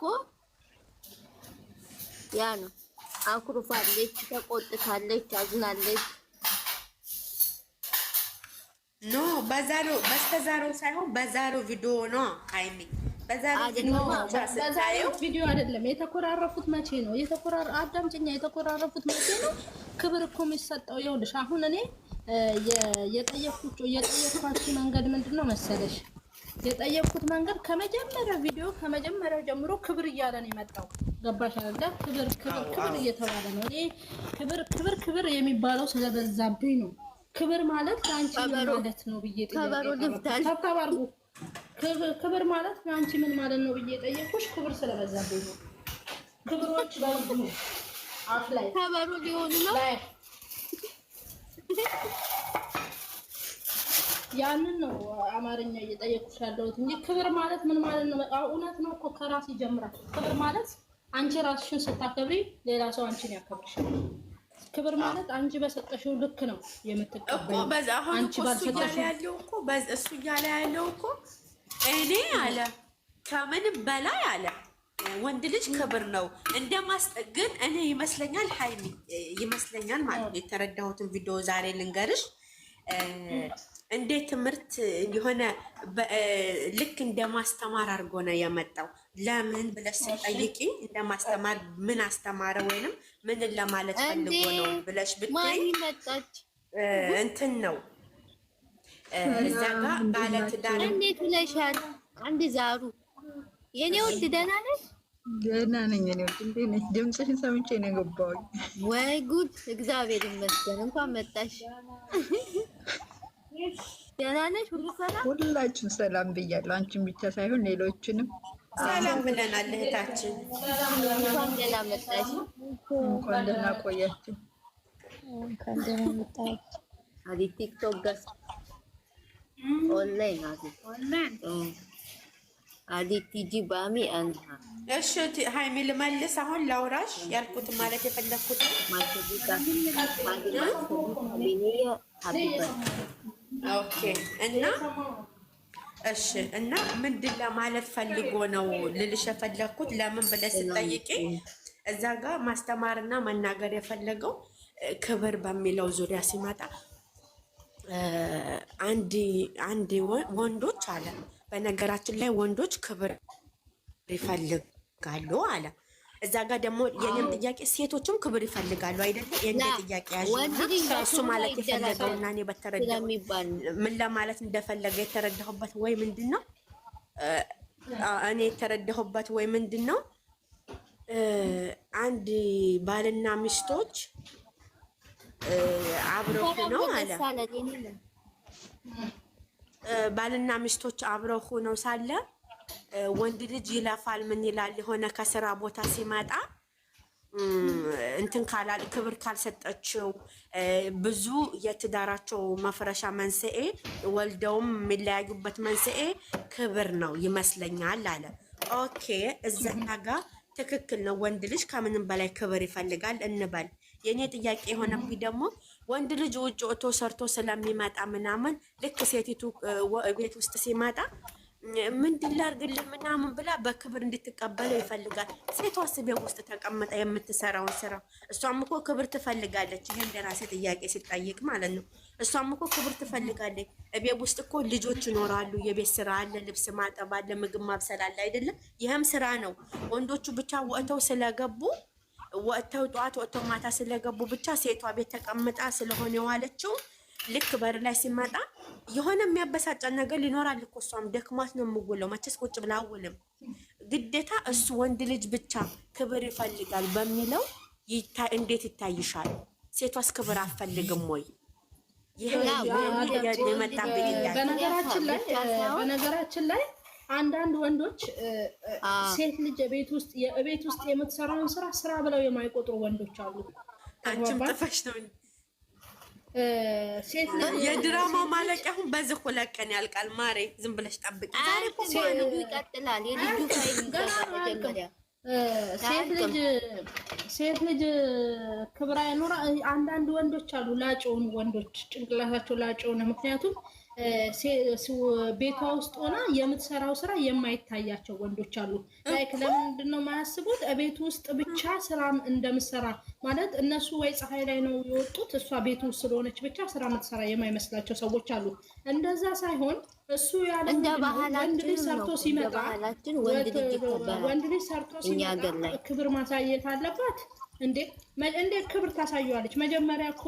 እኮ ያ ነው። አኩርፋለች፣ ተቆጥታለች፣ አዝናለች። ኖ በዛሬው በስተዛሬው ሳይሆን በዛሬው ቪዲዮ ነው ሀይሚ። ቪዲዮ አይደለም የተኮራረፉት። መቼ ነው የተኮራረ አዳምጪኛ፣ የተኮራረፉት መቼ ነው? ክብር እኮ የሚሰጠው ይኸውልሽ፣ አሁን እኔ የጠየቅኩት የጠየቅኳችሁ መንገድ ምንድን ነው መሰለሽ የጠየቅኩት መንገድ ከመጀመሪያው ቪዲዮ ከመጀመሪያው ጀምሮ ክብር እያለ ነው የመጣው። ገባሽ አለ ክብር ክብር ክብር እየተባለ ነው። እኔ ክብር ክብር ክብር የሚባለው ስለበዛብኝ ነው። ክብር ማለት ለአንቺ ምን ማለት ነው ብዬ ጠየቅኩ። ክብር ማለት ለአንቺ ምን ማለት ነው ብዬ ጠየቅኩሽ። ክብር ስለበዛብኝ ነው። ክብሮች በዙ አፍ ላይ ከበሩ ሊሆኑ ነው ያንን ነው አማርኛ እየጠየቁሽ ያለሁት እንጂ ክብር ማለት ምን ማለት ነው? እውነት ነው እኮ ከራስ ይጀምራል። ክብር ማለት አንቺ ራስሽን ስታከብሪ ሌላ ሰው አንቺን ያከብርሻል። ክብር ማለት አንቺ በሰጠሽው ልክ ነው የምትቀበለው። አንቺ ባልሰጠሽው ያለው እኮ እሱ እያለ ያለው እኮ እኔ አለ ከምንም በላይ አለ ወንድ ልጅ ክብር ነው እንደማስ ግን እኔ ይመስለኛል ሀይሚ ይመስለኛል ማለት ነው የተረዳሁትን ቪዲዮ ዛሬ ልንገርሽ እንዴት ትምህርት የሆነ ልክ እንደ ማስተማር አድርጎ ነው የመጣው። ለምን ብለሽ ስጠይቂ እንደ ማስተማር ምን አስተማረ ወይንም ምን ለማለት ፈልጎ ነው ብለሽ ብትይ እንትን ነው እዛ ጋ ባለ እንዴት ብለሻል? አንድ ዛሩ የኔ ውድ ደህና ነሽ? ደህና ነኝ። እኔ ውድ እንዴት ድምፅሽን ሰምቼ ነው የገባሁኝ። ወይ ጉድ! እግዚአብሔር ይመስገን። እንኳን መጣሽ ደህና ነሽ? ሁሉ ሰላም? ሁላችን ሰላም ብያለሁ። አንቺን ብቻ ሳይሆን ሌሎችንም ሰላም ብለናል። እህታችን እንኳን ደህና ቆያችን። እንኳን ደህና አዲ ቲክቶክ ኦንላይን አዲ ቲጂ ባሚ አንሃ እሺ፣ ሃይሚ ልመልስ። አሁን ላውራሽ ያልኩት ማለት የፈለኩት ኦኬ እና እሺ እና ምንድን ለማለት ፈልጎ ነው ልልሽ የፈለግኩት ለምን ብለሽ ስጠይቂ እዛ ጋር ማስተማርና መናገር የፈለገው ክብር በሚለው ዙሪያ ሲመጣ አንድ ወንዶች አለ በነገራችን ላይ ወንዶች ክብር ይፈልጋሉ አለ እዛ ጋር ደግሞ የኔም ጥያቄ ሴቶችም ክብር ይፈልጋሉ አይደለ? የኔ ጥያቄ ያሱ ማለት የፈለገው እና እኔ በተረዳ ምን ለማለት እንደፈለገ የተረዳሁበት ወይ ምንድን ነው እኔ የተረዳሁበት ወይ ምንድን ነው አንድ ባልና ሚስቶች አብረው ሆነው አለ ባልና ሚስቶች አብረው ሆነው ሳለ ወንድ ልጅ ይለፋል፣ ምን ይላል የሆነ ከስራ ቦታ ሲመጣ እንትን ካላል ክብር ካልሰጠችው ብዙ የትዳራቸው መፍረሻ መንስኤ ወልደውም የሚለያዩበት መንስኤ ክብር ነው ይመስለኛል አለ። ኦኬ እዛ ጋር ትክክል ነው። ወንድ ልጅ ከምንም በላይ ክብር ይፈልጋል እንበል። የእኔ ጥያቄ የሆነብኝ ደግሞ ወንድ ልጅ ውጭ ወጥቶ ሰርቶ ስለሚመጣ ምናምን ልክ ሴቲቱ ቤት ውስጥ ሲመጣ ምንድን ላድርግልህ ምናምን ብላ በክብር እንድትቀበለው ይፈልጋል። ሴቷ ስቤ ውስጥ ተቀምጣ የምትሰራውን ስራ እሷም እኮ ክብር ትፈልጋለች። ይሄ እንደራሴ ጥያቄ ሲጠይቅ ማለት ነው። እሷም እኮ ክብር ትፈልጋለች። እቤት ውስጥ እኮ ልጆች ይኖራሉ፣ የቤት ስራ አለ፣ ልብስ ማጠብ አለ፣ ምግብ ማብሰል አለ አይደለም? ይህም ስራ ነው። ወንዶቹ ብቻ ወጥተው ስለገቡ ወጥተው ጠዋት ወጥተው ማታ ስለገቡ ብቻ ሴቷ ቤት ተቀምጣ ስለሆነ የዋለችው ልክ በር ላይ ሲመጣ የሆነ የሚያበሳጫን ነገር ሊኖራል እኮ እሷም ደክማት ነው የምውለው። መቼስ ቁጭ ብላ አውልም። ግዴታ እሱ ወንድ ልጅ ብቻ ክብር ይፈልጋል በሚለው እንዴት ይታይሻል? ሴቷስ ክብር አትፈልግም ወይ? በነገራችን ላይ አንዳንድ ወንዶች ሴት ልጅ ቤት ውስጥ የቤት ውስጥ የምትሰራውን ስራ ስራ ብለው የማይቆጥሩ ወንዶች አሉ። አንቺም ጥፈሽ ነው የድራማ ማለቂያ አሁን በዚህ ሁለት ቀን ያልቃል። ማሬ ዝም ብለሽ ጠብቂ። ልጁ ይቀጥላል። የልጁ ሴት ልጅ ክብራ ይኖራ። አንዳንድ ወንዶች አሉ ላጮውን ወንዶች ጭንቅላታቸው ላጮውን ምክንያቱም ቤቷ ውስጥ ሆና የምትሰራው ስራ የማይታያቸው ወንዶች አሉ። ላይክ ለምንድን ነው የማያስቡት? ቤት ውስጥ ብቻ ስራ እንደምትሰራ ማለት እነሱ ወይ ፀሐይ ላይ ነው የወጡት፣ እሷ ቤት ውስጥ ስለሆነች ብቻ ስራ የምትሰራ የማይመስላቸው ሰዎች አሉ። እንደዛ ሳይሆን እሱ ያለ ወንድ ልጅ ሰርቶ ሲመጣ ወንድ ልጅ ሰርቶ ሲመጣ ክብር ማሳየት አለባት። እንዴ እንዴት ክብር ታሳየዋለች? መጀመሪያ እኮ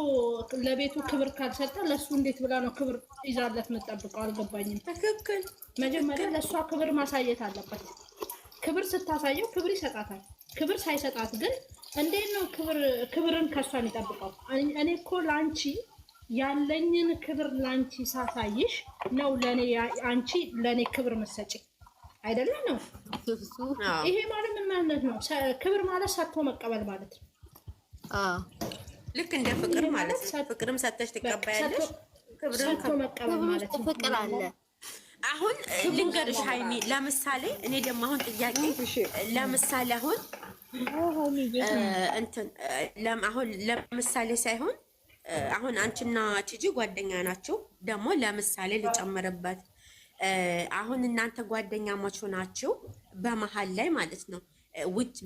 ለቤቱ ክብር ካልሰጠ ለእሱ እንዴት ብላ ነው ክብር ይዛለት የምጠብቀው? አልገባኝም። ትክክል። መጀመሪያ ለእሷ ክብር ማሳየት አለበት። ክብር ስታሳየው ክብር ይሰጣታል። ክብር ሳይሰጣት ግን እንዴት ነው ክብርን ከእሷ የሚጠብቀው? እኔ እኮ ላንቺ ያለኝን ክብር ላንቺ ሳሳይሽ ነው ለእኔ አንቺ ለእኔ ክብር መሰጭኝ አይደለ ነው። ይሄ ማለት ምን ማለት ነው? ክብር ማለት ሰጥቶ መቀበል ማለት ነው። ልክ እንደ ፍቅር ማለት ነው። ፍቅርም ሰጥተሽ ትቀበያለሽ፣ ክብርም መቀበል ማለት ነው። ፍቅር አለ። አሁን ልንገርሽ ሀይሚ፣ ለምሳሌ እኔ ደግሞ አሁን ጥያቄ ለምሳሌ አሁን እንትን አሁን ለምሳሌ ሳይሆን አሁን አንቺና ቺጂ ጓደኛ ናችሁ። ደግሞ ለምሳሌ ልጨምርበት አሁን እናንተ ጓደኛሞች ሆናችሁ በመሀል ላይ ማለት ነው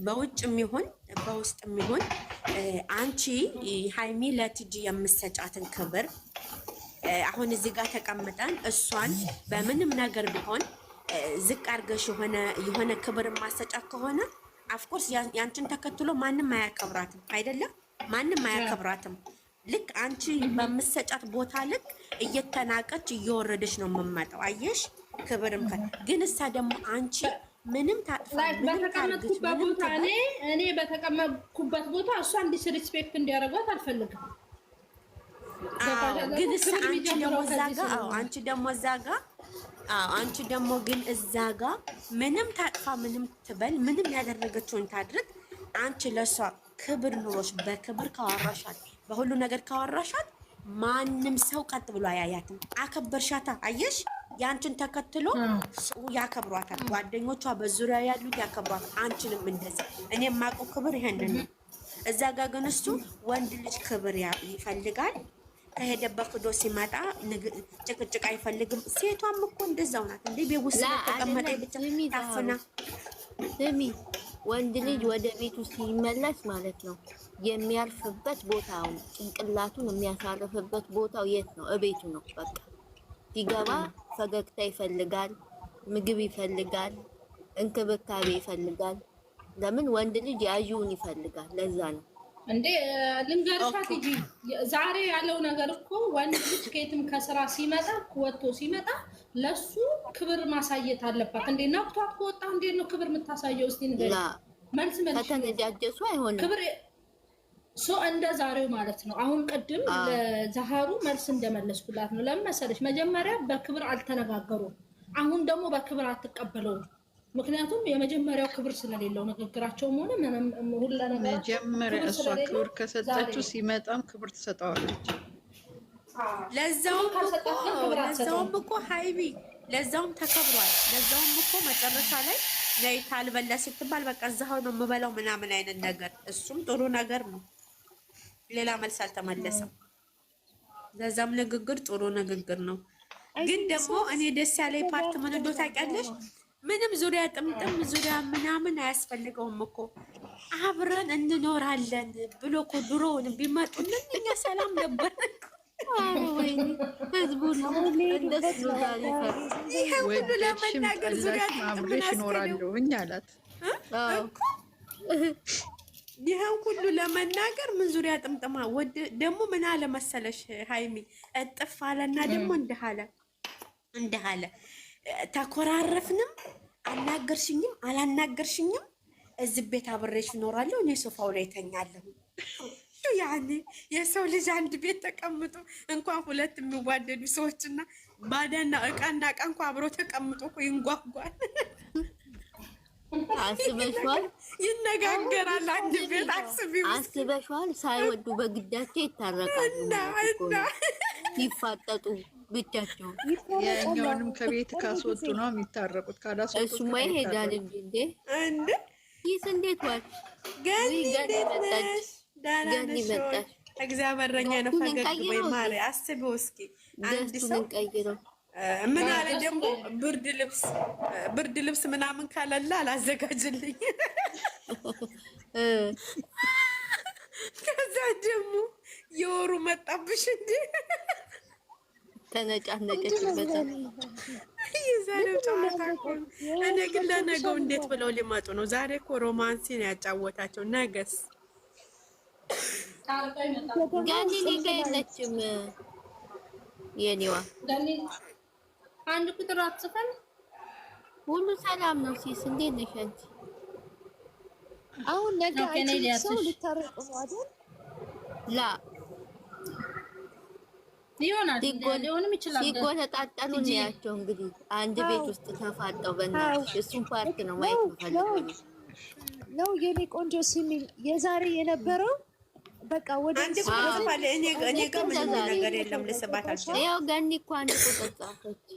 በውጭ የሚሆን በውስጥ የሚሆን አንቺ ሀይሚ ለትጂ የምሰጫትን ክብር አሁን እዚህ ጋር ተቀምጠን እሷን በምንም ነገር ቢሆን ዝቅ አድርገሽ የሆነ ክብር ማሰጫት ከሆነ አፍኮርስ ያንችን ተከትሎ ማንም አያከብራትም፣ አይደለም ማንም አያከብራትም። ልክ አንቺ በምሰጫት ቦታ ልክ እየተናቀች እየወረደች ነው የምመጣው። አየሽ ክብርም ከ ግን እሳ ደግሞ አንቺ ምንም በተቀመጥኩበት ቦታ እኔ እኔ በተቀመጥኩበት ቦታ እሷ እንዲስ ሪስፔክት እንዲያደርጓት አልፈልግም። ግን አንቺ ደግሞ እዛ ጋ አንቺ ደግሞ ግን እዛ ጋ ምንም ታጥፋ ምንም ትበል ምንም ያደረገችውን ታድርግ። አንቺ ለእሷ ክብር ኑሮች በክብር ካወራሻት በሁሉ ነገር ካወራሻት ማንም ሰው ቀጥ ብሎ አያያትም። አከበርሻታ። አየሽ የአንችን ተከትሎ ሰው ያከብሯታል። ጓደኞቿ በዙሪያ ያሉት ያከብሯታል። አንችንም እንደዚህ እኔ የማውቀው ክብር ይሄንን ነው። እዛ ጋር ግን እሱ ወንድ ልጅ ክብር ይፈልጋል። ከሄደበት ክዶ ሲመጣ ጭቅጭቅ አይፈልግም። ሴቷም እኮ እንደዛው ናት። እንደ ቤት ውስጥ ተቀመጠ ብቻ ታፍና ስሚ፣ ወንድ ልጅ ወደ ቤቱ ሲመለስ ማለት ነው የሚያርፍበት ቦታው ጭንቅላቱን የሚያሳርፍበት ቦታው የት ነው? እቤቱ ነው። በቃ ሲገባ ፈገግታ ይፈልጋል፣ ምግብ ይፈልጋል፣ እንክብካቤ ይፈልጋል። ለምን ወንድ ልጅ ያዩውን ይፈልጋል። ለዛ ነው እንዴ ልንገርሻት እንጂ ዛሬ ያለው ነገር እኮ ወንድ ልጅ ከየትም ከስራ ሲመጣ ወጥቶ ሲመጣ ለሱ ክብር ማሳየት አለባት። እንዴ ነቅቷት ከወጣ እንዴት ነው ክብር የምታሳየው? እስቲ ንገሪኝ። መልስ መልስ ከተነጃጀሱ አይሆንም ክብር ሶ እንደ ዛሬው ማለት ነው። አሁን ቅድም ለዛሃሩ መልስ እንደመለስኩላት ነው። ለምን መሰለሽ? መጀመሪያ በክብር አልተነጋገሩም። አሁን ደግሞ በክብር አትቀበለውም። ምክንያቱም የመጀመሪያው ክብር ስለሌለው ንግግራቸውም ሆነ ሁላ መጀመሪያ እሷ ክብር ከሰጠችው ሲመጣም ክብር ትሰጠዋለች። ለዛውም እኮ ሀይቢ ለዛውም ተከብሯል። ለዛውም እኮ መጨረሻ ላይ ነይ ታልበላ ስትባል በቃ እዛው ነው የምበላው ምናምን አይነት ነገር እሱም ጥሩ ነገር ነው። ሌላ መልስ አልተመለሰም። ለዛም ንግግር ጥሩ ንግግር ነው። ግን ደግሞ እኔ ደስ ያለ ፓርት ምን እንደው ታውቂያለሽ? ምንም ዙሪያ ጥምጥም ዙሪያ ምናምን አያስፈልገውም እኮ አብረን እንኖራለን ብሎ እኮ ድሮውን ቢመጡልን እኛ ሰላም ነበር። ይሄ ሁሉ ለመናገር ዙሪያ ጥምጥም አያስፈልገውም። ይህን ሁሉ ለመናገር ምን ዙሪያ ጥምጥማ ደግሞ ምን አለ መሰለሽ ሀይሚ እጥፍ አለና ደግሞ እንዲህ አለ እንዲህ አለ ተኮራረፍንም አናገርሽኝም አላናገርሽኝም እዚህ ቤት አብሬሽ እኖራለሁ እኔ ሶፋው ላይ ተኛለሁ ያኔ የሰው ልጅ አንድ ቤት ተቀምጦ እንኳን ሁለት የሚዋደዱ ሰዎችና ባዳና እቃና እቃ እንኳ አብሮ ተቀምጦ ይንጓጓል አስበሽዋል? ይነጋገራል። አንድ ቤት አስቢ። አስበሽዋል? ሳይወዱ በግዳቸው ይታረቃሉ፣ ይፋጠጡ፣ ብቻቸው ያኛውንም ከቤት ካስወጡ ነው የሚታረቁት። ካላስወጡ እሱማ ይሄዳል እንጂ እንዴ! እንደ ይስ እንዴት ዋል? ገኒ መጣች፣ ገኒ መጣች። እግዚአብሔረኛ ነው። ፈገግ ወይ ማሪ። አስቢው እስኪ አንድ ሰው ምን አለ ደግሞ ብርድ ልብስ ብርድ ልብስ ምናምን ካለላ አላዘጋጅልኝ። ከዛ ደግሞ የወሩ መጣብሽ እንዲ ተነጫነጨች። በጣም የዛሬው ጨዋታ እኮ እኔ ግን ለነገው እንዴት ብለው ሊመጡ ነው? ዛሬ እኮ ሮማንሲን ያጫወታቸው ነገስ ጋኒ ሊጋ የለችም የኔዋ አንድ ቁጥር አትጽፈን። ሁሉ ሰላም ነው ሲስ፣ እንዴት ነሽ አንቺ? አሁን ነገ አንቺ ሰው ልታረቁ ላ ይሆናል ሊሆንም ይችላል። እንግዲህ አንድ ቤት ውስጥ ተፋጠው በእናትሽ። እሱን ፓርክ ነው ማየት ነው የኔ ቆንጆ ሲሚል የዛሬ የነበረው በቃ ወደ አንድ ቁጥር እኔ ጋር ምንም ነገር የለም። ያው ገኒ እኮ አንድ ቁጥር ጻፈች።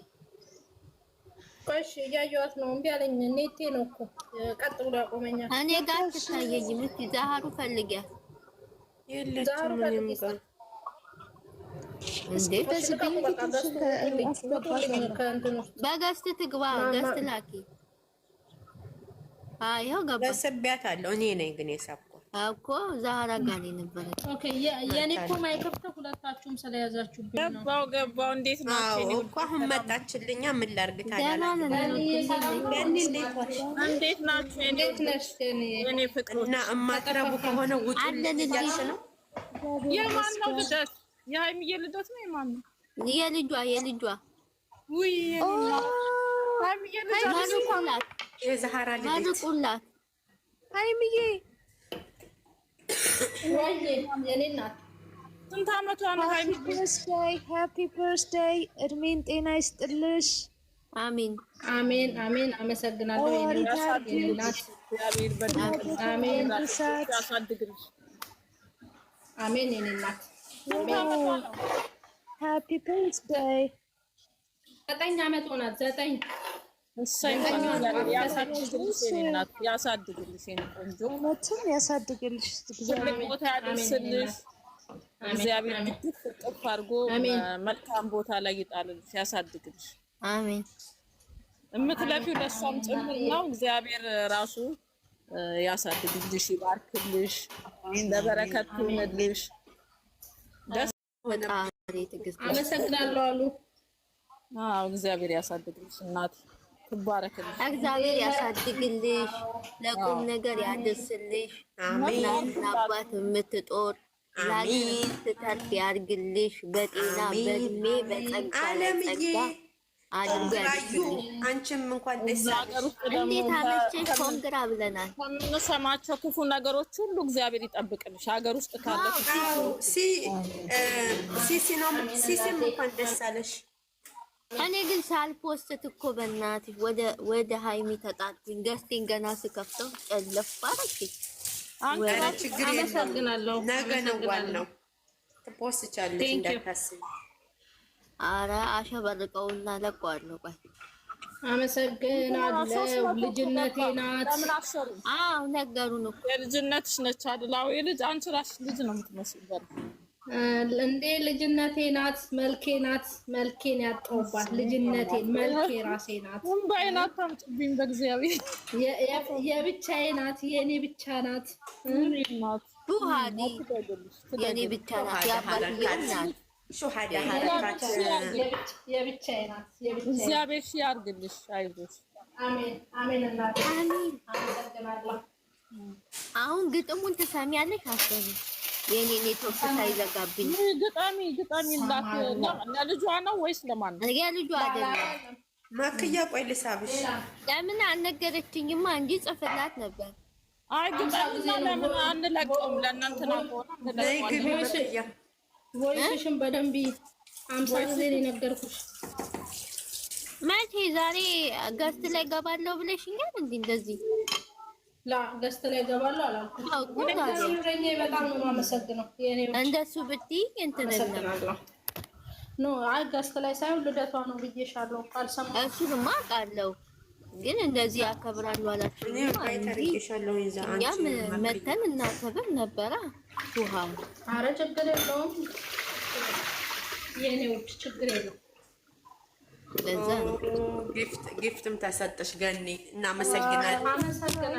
እሺ እያየኋት ነው። እምቢ አለኝ። ኔቴ ነው እኮ ቀጥ ብሎ ያቆመኛል። እኔ ጋር ትታየኝም። እስኪ ዛሃሩ ፈልጊያት። በገስት ትግባ። ገስት ላኪ። ይኸው ገባ። አለው። እኔ ነኝ ግን እኮ ዛራ ጋር ነበረች። ኦኬ የኔ እኮ ማይክሮፎን ሁለታችሁም ስለያዛችሁብኝ ነው። ገባው ገባው። እንዴት ነው እኮ አሁን መጣችልኛ። ምን ላድርግ ታዲያ? እንዴት ናችሁ? እንዴት ነሽ? እና ከሆነ ነው። የማን ነው ልደት? የሀይሚዬ ልደት ነው። የማን ነው? የልጇ የልጇ። ውይ ሀይሚዬ ሀይሚዬ ስንት አመቷ ነው? ሃፒ በርዝዴይ እድሜን ጤና ይስጥልሽ። አሜን አሜን አሜን። አመሰግናለሁ። አሜን የኔ እናት ሃፒ በርዝዴይ። ዘጠኝ አመት ሆናት ዘጠኝ ያሳድግልሽ ቆንጆ እግዚአብሔር ግድፍ እጥፍ መልካም ቦታ ላይ ይጣልልሽ፣ ያሳድግልሽ። አሜን። እምትለፊው ለእሷም ጭምር ነው። እግዚአብሔር ራሱ ያሳድግልሽ፣ ይባርክልሽ፣ ለበረከት ይሁንልሽ። ደስ አመሰግናለሁ አሉ። እግዚአብሔር ያሳድግልሽ እናት እግዚአብሔር ያሳድግልሽ፣ ለቁም ነገር ያደርስልሽ። እናትና አባት የምትጦር ላግኝ ስተርፍ ያድርግልሽ። በጤና በእድሜ በጸጋ ለጸጋ አድርጎ አንቺም እንኳን ደስ እንዴት አለችሽ? ኮንግራ ብለናል። ከምንሰማቸው ክፉ ነገሮች ሁሉ እግዚአብሔር ይጠብቅልሽ። ሀገር ውስጥ ካለሽ ሲሲ ሲሲም እንኳን ደስ አለሽ። እኔ ግን ሳልፖስት እኮ በእናት ወደ ወደ ሃይሚ ተጣጥኝ ገስቲን ገና ስከፍተው ጨለፋች። አንተ አመሰግናለሁ። ነገ ነው ዋናው ፖስት ቻለች እንዳታስብ። አረ አሸበርቀውና ለቋለሁ። ቆይ አመሰግናለሁ። ልጅነቴ ናት። አዎ ነገሩን እኮ የልጅነትሽ ነች አይደል? አዎ የልጅ አንቺ እራስሽ ልጅ ነው የምትመስለው እንዴ ልጅነቴ ናት መልኬ ናት መልኬን ያጠውባት ልጅነቴ መልኬ ራሴ ናት እንባዬ ናት አምጪብኝ በእግዚአብሔር የብቻዬ ናት የኔ ብቻ ናት ዱሃዲ የኔ ብቻ ናት ያባትየም ናት አሜን አሜን አሜን አሁን ግጥሙን ትሰሚያለሽ አሰቢ የኔ ኔትወርክ ሳይዘጋብኝ ግጣሚ ግጣሚ ለልጇ ነው ወይስ ለማን ነው? የልጇ አይደለም። ማክያ ቆይ ልሳብሽ። ለምን አልነገረችኝማ እንጂ ጽፍላት ነበር። አይ ግጣሚ ለምን አንለቀውም? ለእናንተ ነው ወይስሽን በደንብ አምሳ ጊዜ የነገርኩሽ መቼ ዛሬ ገስት ላይ ገባለሁ ብለሽኛል። እንዲ እንደዚህ ገስት ላይ እገባለሁ አላልኩም። እንደሱ ብትይ እንትን ኖ አይ ገስት ላይ ሳይሆን ልደቷ ነው ብዬሻለሁ። አልሰማሁም። እሱንማ አውቃለሁ፣ ግን እንደዚህ ያከብራሉ አላችሁ። እኛም መተን እናከብር ነበረ። ውሃ አረ ችግር የለውም የኔ ውድ ችግር የለውም። ለዛ ነው ጊፍትም ተሰጠሽ ገኒ። እናመሰግናለን።